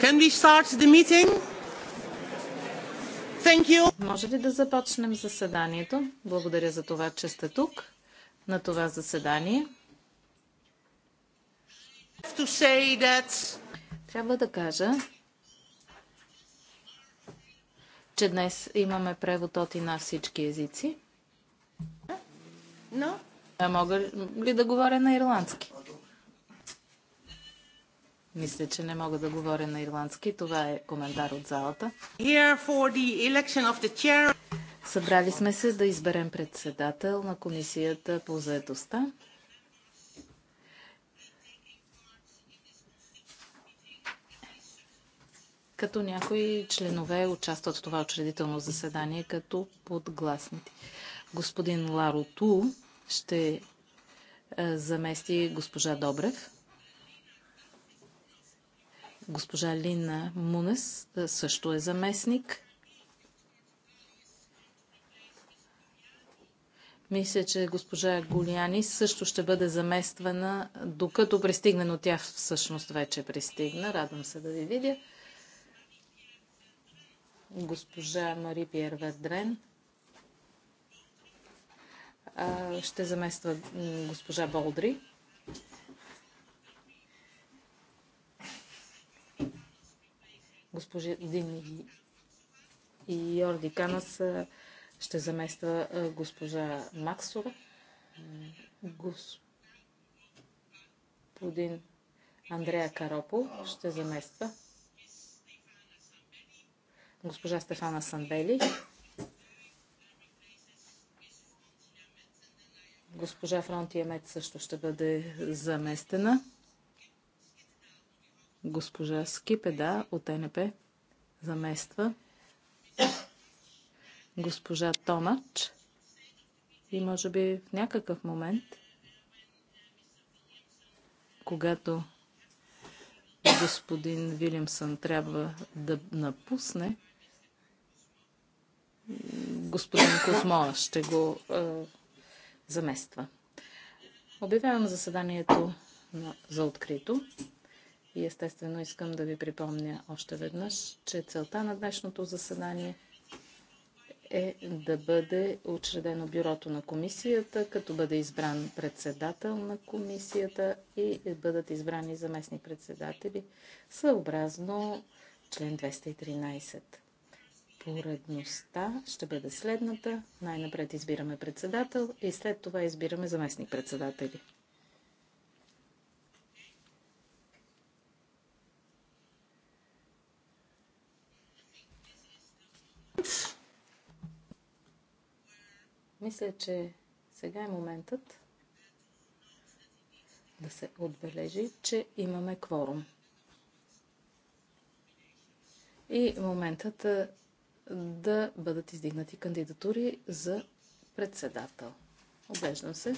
Can we start the meeting? Thank you. Може ли да започнем заседанието? Благодаря за това, че сте тук на това заседание. To say that... Трябва да кажа, че днес имаме превод от и на всички езици. No? А мога ли да говоря на ирландски? Мисля, че не мога да говоря на ирландски. Това е коментар от залата. Събрали сме се да изберем председател на комисията по заедостта. като някои членове участват в това учредително заседание като подгласните. Господин Ларо Ту ще е, замести госпожа Добрев. Госпожа Лина Мунес също е заместник. Мисля, че госпожа Голиани също ще бъде замествана, докато пристигне, но тя всъщност вече пристигна. Радвам се да ви видя. Госпожа Мари Пьер Ведрен ще замества госпожа Болдри. Дин и Йорди Канас ще замества госпожа Максур. Господин Андрея Каропо ще замества госпожа Стефана Санбели. Госпожа Фронтия Мед също ще бъде заместена. Госпожа Скипеда от НП замества госпожа Томач и може би в някакъв момент, когато господин Вилямсън трябва да напусне, господин Козмола ще го е, замества. Обявявам заседанието на, за открито. И естествено искам да ви припомня още веднъж, че целта на днешното заседание е да бъде учредено бюрото на комисията, като бъде избран председател на комисията и бъдат избрани заместни председатели съобразно член 213. Поредността ще бъде следната. Най-напред избираме председател и след това избираме заместник председатели. Мисля, че сега е моментът да се отбележи, че имаме кворум. И моментът да бъдат издигнати кандидатури за председател. Обеждам се.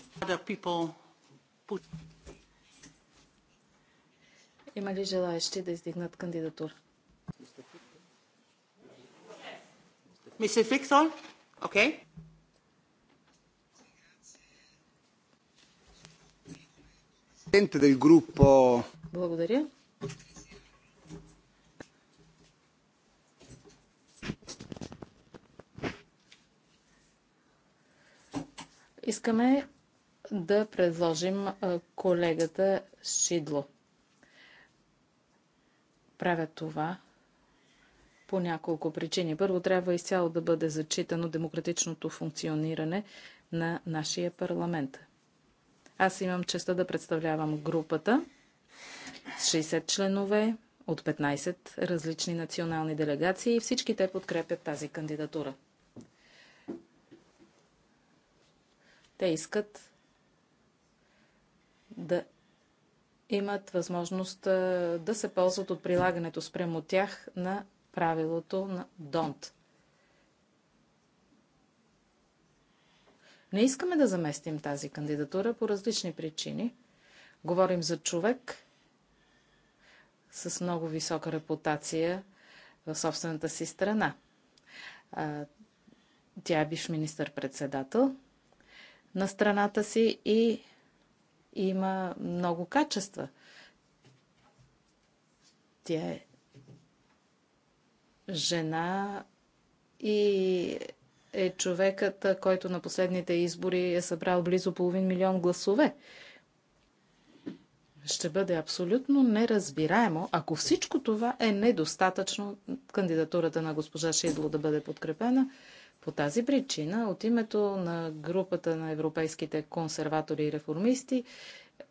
Има ли желаещи да издигнат кандидатура? Мисис Фиксон? Окей. Okay. Благодаря. Искаме да предложим колегата Шидло. Правя това по няколко причини. Първо, трябва изцяло да бъде зачитано демократичното функциониране на нашия парламент. Аз имам честа да представлявам групата с 60 членове от 15 различни национални делегации и всички те подкрепят тази кандидатура. Те искат да имат възможност да се ползват от прилагането спрямо тях на правилото на ДОНТ. Не искаме да заместим тази кандидатура по различни причини. Говорим за човек с много висока репутация в собствената си страна. Тя е биш министър-председател на страната си и има много качества. Тя е жена и е човекът, който на последните избори е събрал близо половин милион гласове. Ще бъде абсолютно неразбираемо, ако всичко това е недостатъчно кандидатурата на госпожа Шидло да бъде подкрепена. По тази причина, от името на групата на европейските консерватори и реформисти,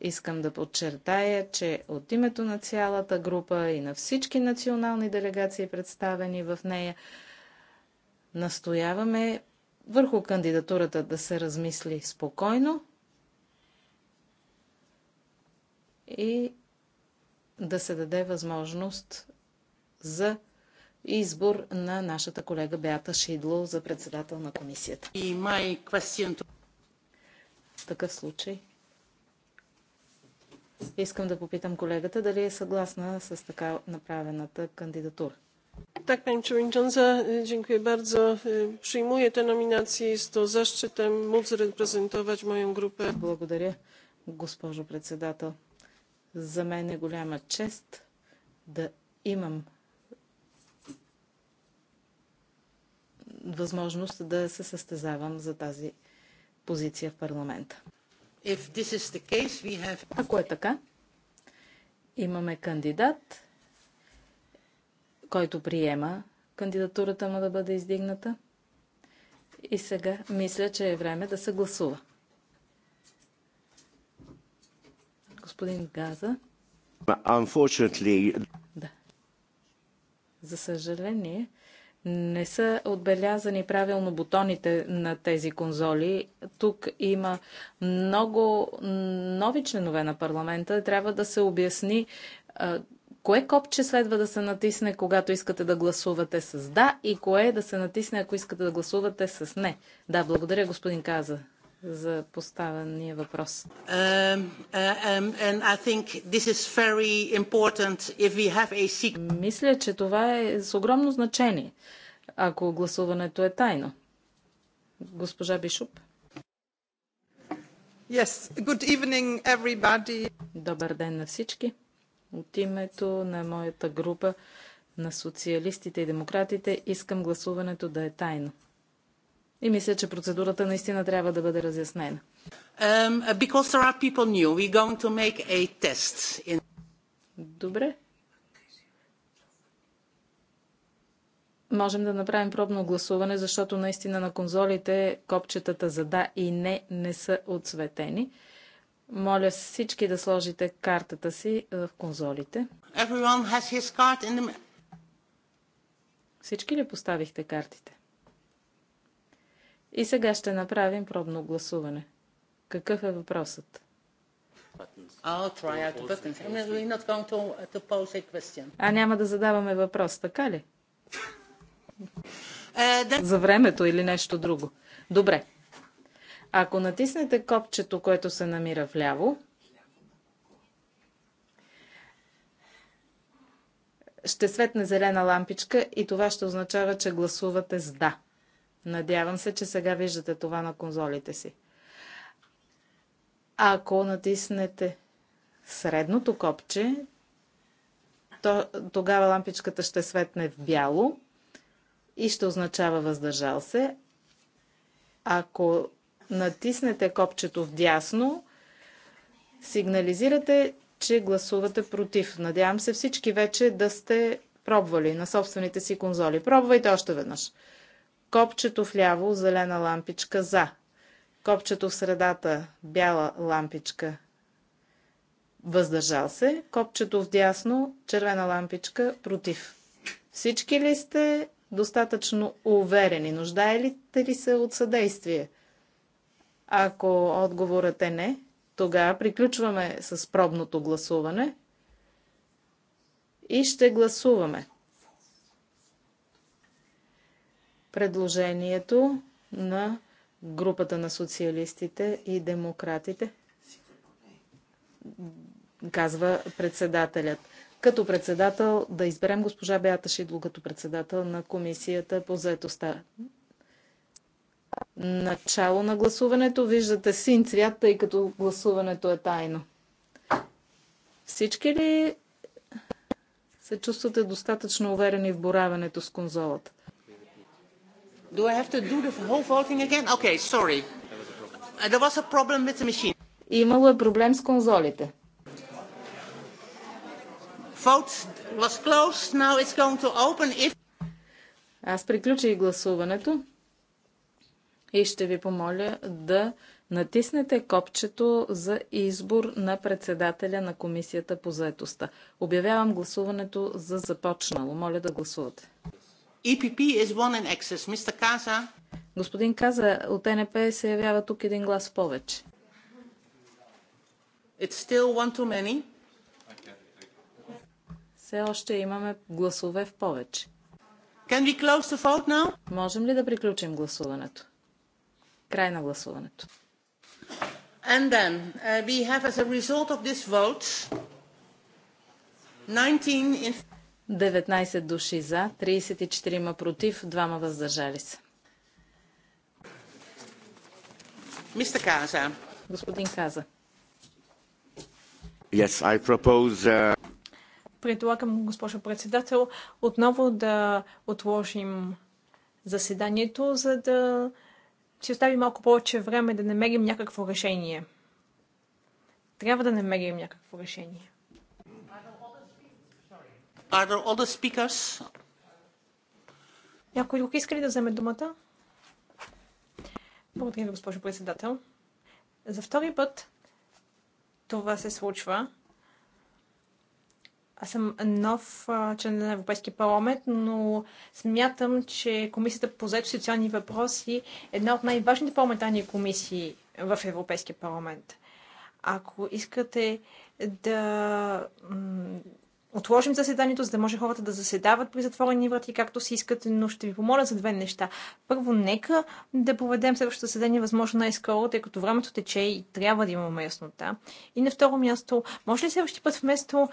искам да подчертая, че от името на цялата група и на всички национални делегации, представени в нея, Настояваме върху кандидатурата да се размисли спокойно и да се даде възможност за избор на нашата колега Беата Шидло за председател на комисията. И май квасиенто. В такъв случай искам да попитам колегата дали е съгласна с така направената кандидатура. Pani Przewodnicząca, dziękuję bardzo. Przyjmuję te nominacje. Jest to zaszczytem móc reprezentować moją grupę. Благодаря, госпожо председател. За мен е голяма чест да имам възможност да се състезавам за тази позиция в парламента. Case, have... Ако е така, имаме кандидат който приема кандидатурата му да бъде издигната. И сега мисля, че е време да се гласува. Господин Газа. Unfortunately... Да. За съжаление, не са отбелязани правилно бутоните на тези конзоли. Тук има много нови членове на парламента. Трябва да се обясни кое копче следва да се натисне, когато искате да гласувате с да и кое да се натисне, ако искате да гласувате с не. Да, благодаря господин Каза за поставения въпрос. Um, uh, um, Мисля, че това е с огромно значение, ако гласуването е тайно. Госпожа Бишуп. Yes. Good evening, everybody. Добър ден на всички. От името на моята група на социалистите и демократите искам гласуването да е тайно. И мисля, че процедурата наистина трябва да бъде разяснена. Um, Добре. Можем да направим пробно гласуване, защото наистина на конзолите копчетата за да и не не са отсветени. Моля всички да сложите картата си е, в конзолите. The... Всички ли поставихте картите? И сега ще направим пробно гласуване. Какъв е въпросът? To, to а няма да задаваме въпрос, така ли? Е, За времето или нещо друго. Добре. Ако натиснете копчето, което се намира вляво, ще светне зелена лампичка и това ще означава, че гласувате с да. Надявам се, че сега виждате това на конзолите си. Ако натиснете средното копче, то, тогава лампичката ще светне в бяло и ще означава въздържал се. Ако натиснете копчето в дясно, сигнализирате, че гласувате против. Надявам се всички вече да сте пробвали на собствените си конзоли. Пробвайте още веднъж. Копчето в ляво, зелена лампичка за. Копчето в средата, бяла лампичка въздържал се. Копчето в дясно, червена лампичка против. Всички ли сте достатъчно уверени? Нуждаете ли се от съдействие? Ако отговорът е не, тогава приключваме с пробното гласуване и ще гласуваме предложението на групата на социалистите и демократите, казва председателят. Като председател да изберем госпожа Беаташидло Шидло като председател на комисията по заетостта. Начало на гласуването. Виждате син цвят, тъй като гласуването е тайно. Всички ли се чувствате достатъчно уверени в боравенето с конзолата? Do I have to do the whole voting again? Okay, sorry. There was a problem with the machine. Имало е проблем с конзолите. Vote was closed. Now it's going to open if... Аз приключих гласуването и ще ви помоля да натиснете копчето за избор на председателя на Комисията по заетостта. Обявявам гласуването за започнало. Моля да гласувате. EPP is one in excess. Mr. Каза. Господин Каза, от НП се явява тук един глас повече. It's still one too many. Все още имаме гласове в повече. Can we close the vote now? Можем ли да приключим гласуването? Край на гласуването. And then uh, we have as a result of this vote 19 in... 19 души за, 34 против, 2 въздържали се. Mr. Каза. Господин Каза. Yes, I propose, uh... Предлагам, госпожа председател, отново да отложим заседанието, за да ще остави малко повече време да намерим някакво решение. Трябва да намерим някакво решение. Are there other speakers? Някой друг иска ли да вземе думата? Благодаря ви, госпожо председател. За втори път това се случва. Аз съм нов член на Европейския парламент, но смятам, че Комисията по заето социални въпроси е една от най-важните парламентарни комисии в Европейския парламент. Ако искате да отложим заседанието, за да може хората да заседават при затворени врати, както си искат, но ще ви помоля за две неща. Първо, нека да проведем следващото заседание възможно най-скоро, тъй като времето тече и трябва да имаме яснота. И на второ място, може ли следващия път вместо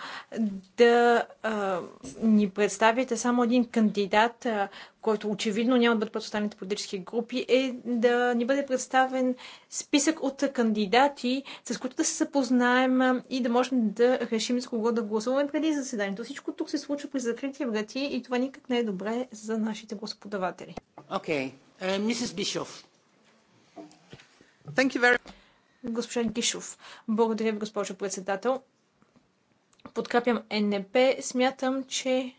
да а, ни представите само един кандидат, а, който очевидно няма да бъде пред останалите политически групи, е да ни бъде представен списък от кандидати, с които да се запознаем и да можем да решим с кого да гласуваме преди заседанието. Всичко тук се случва при закрити врати и това никак не е добре за нашите господаватели. Окей. Е, мисис Бишов. Госпожа Гишов. Благодаря ви, госпожо председател. Подкрепям НП. Смятам, че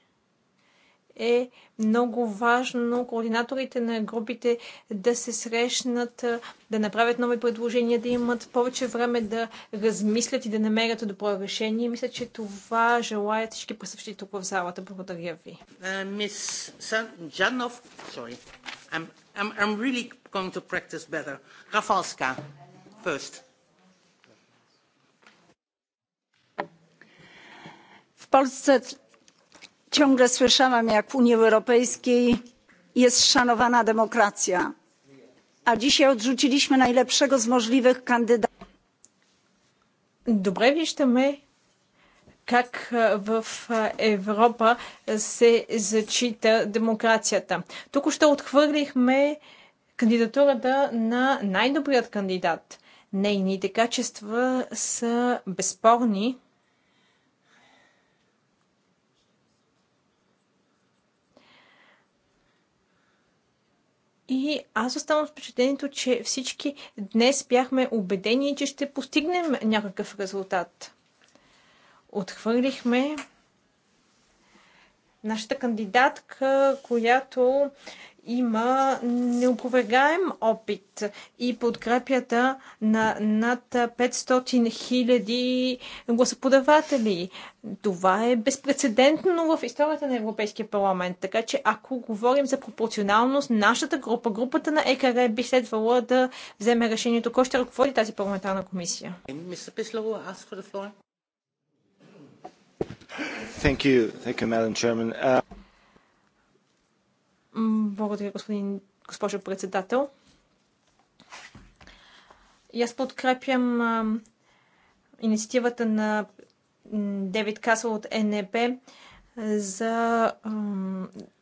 е много важно координаторите на групите да се срещнат, да направят нови предложения, да имат повече време да размислят и да намерят добро решение. Мисля, че това желаят всички присъщи тук в залата. Благодаря ви. Мис uh, Джанов, Polsce ciągle słyszałam jak w unii europejskiej jest szanowana demokracja a dzisiaj odrzuciliśmy najlepszego z możliwych kandydatów. Добре виждаме как в Европа се зачита демокрацията. Току-що отхвърлихме кандидатурата на най-добрият кандидат. Нейните качества са безспорни. И аз оставам с впечатлението, че всички днес бяхме убедени, че ще постигнем някакъв резултат. Отхвърлихме нашата кандидатка, която има неопровергаем опит и подкрепята на над 500 хиляди гласоподаватели. Това е безпредседентно в историята на Европейския парламент. Така че ако говорим за пропорционалност, нашата група, групата на ЕКР би следвала да вземе решението кой ще ръководи тази парламентарна комисия. Thank you. Thank you, Madam Chairman. Uh, благодаря, господин, госпожо председател. И аз подкрепям инициативата на Девид Касъл от НЕП за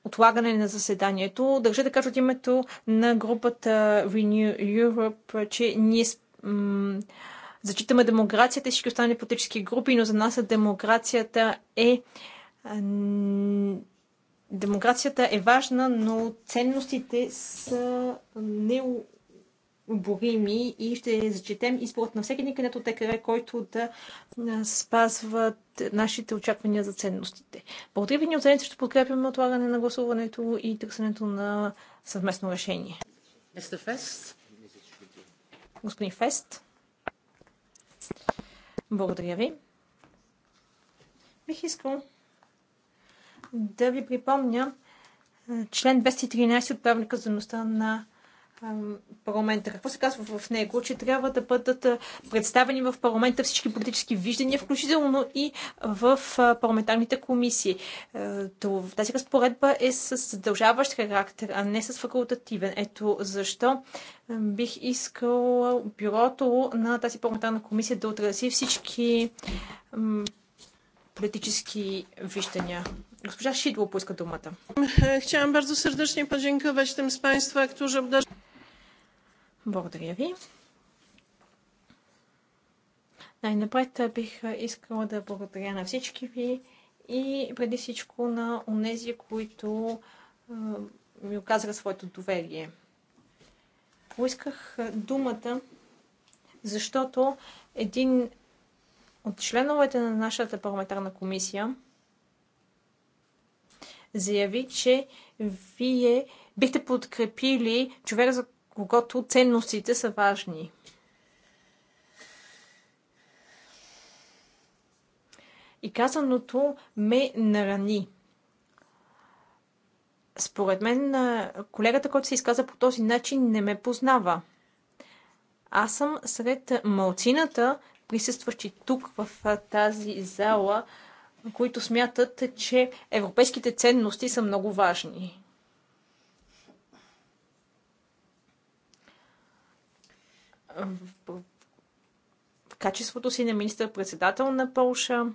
отлагане на заседанието. Държа да кажа от името на групата Renew Europe, че ние зачитаме демокрацията и всички останали политически групи, но за нас демокрацията е демокрацията е важна, но ценностите са необорими и ще зачетем изборът на всеки един кандидат от ТКР, който да спазват нашите очаквания за ценностите. Благодаря ви, ние оцените, ще подкрепяме отлагане на гласуването и търсенето на съвместно решение. Господин Фест. Благодаря ви. Бих искал да ви припомня член 213 от правника за на парламента. Какво се казва в него? Че трябва да бъдат представени в парламента всички политически виждания, включително и в парламентарните комисии. Тази разпоредба е с задължаващ характер, а не с факултативен. Ето защо бих искал бюрото на тази парламентарна комисия да отрази всички политически виждания. Госпожа Шидло поиска думата. Е, Chciałam bardzo serdecznie podziękować tym z Państwa, którzy obdarzyli благодаря ви. Най-напред бих искала да благодаря на всички ви и преди всичко на онези, които ми оказаха своето доверие. Поисках думата, защото един от членовете на нашата парламентарна комисия заяви, че вие бихте подкрепили човек, за когато ценностите са важни. И казаното ме нарани. Според мен, колегата, който се изказа по този начин, не ме познава. Аз съм сред малцината, присъстващи тук в тази зала, които смятат, че европейските ценности са много важни. в качеството си на министър-председател на Полша.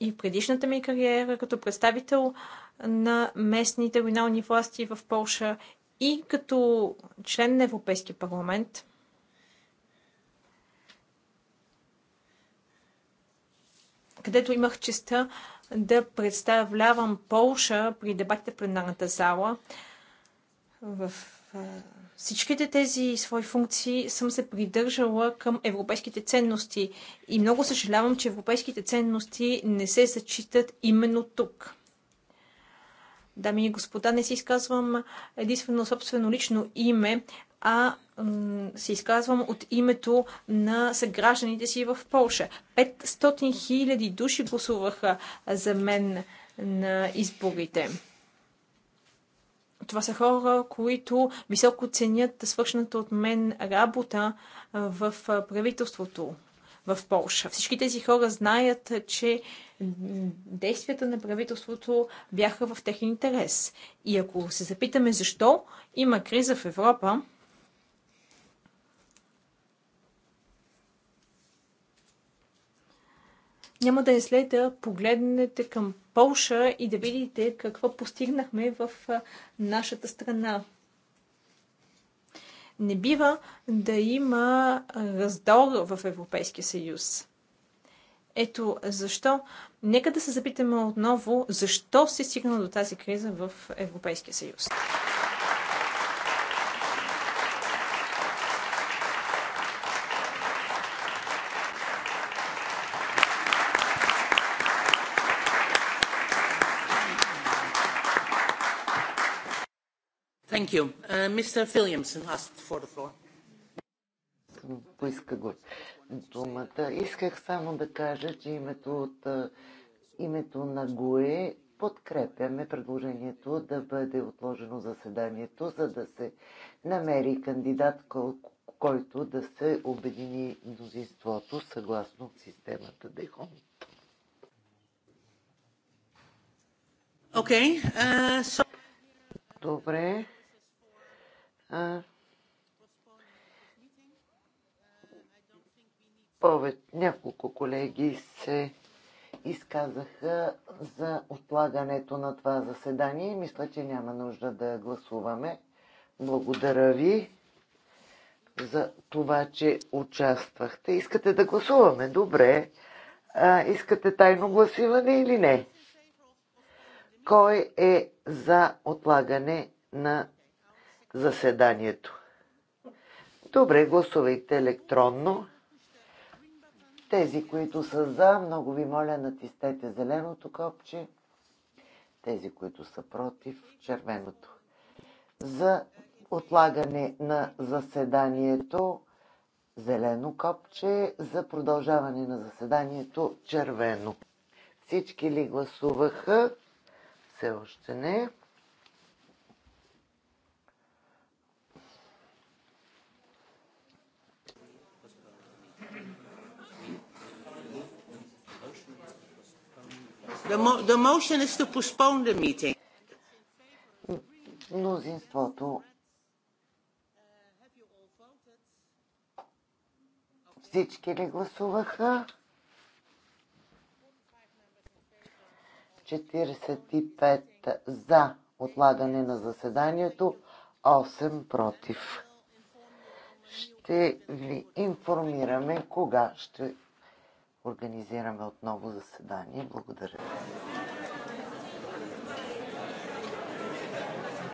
И предишната ми кариера като представител на местните регионални власти в Полша и като член на Европейския парламент. където имах честа да представлявам Полша при дебатите в пленарната зала. В всичките тези свои функции съм се придържала към европейските ценности и много съжалявам, че европейските ценности не се зачитат именно тук. Дами и господа, не си изказвам единствено собствено лично име, а се изказвам от името на съгражданите си в Польша. 500 000 души гласуваха за мен на изборите. Това са хора, които високо ценят свършната от мен работа в правителството в Польша. Всички тези хора знаят, че действията на правителството бяха в техен интерес. И ако се запитаме защо има криза в Европа, няма да е зле да погледнете към Полша и да видите какво постигнахме в нашата страна. Не бива да има раздор в Европейския съюз. Ето защо. Нека да се запитаме отново, защо се стигна до тази криза в Европейския съюз. you. Uh, Mr. Williamson asked for the floor. Поиска го думата. Исках само да кажа, че името, от, името на ГОЕ подкрепяме предложението да бъде отложено заседанието, за да се намери кандидат, който да се обедини мнозинството съгласно системата ДЕХОН. Okay, uh, so... Добре. Повече няколко колеги се изказаха за отлагането на това заседание. Мисля, че няма нужда да гласуваме. Благодаря ви за това, че участвахте. Искате да гласуваме? Добре. А, искате тайно гласиване или не? Кой е за отлагане на заседанието. Добре, гласувайте електронно. Тези, които са за, много ви моля, натистете зеленото копче. Тези, които са против, червеното. За отлагане на заседанието зелено копче, за продължаване на заседанието червено. Всички ли гласуваха? Все още не. The, motion is to postpone the meeting. Мнозинството. Всички ли гласуваха? 45 за отлагане на заседанието, 8 против. Ще ви информираме кога ще организираме отново заседание. Благодаря.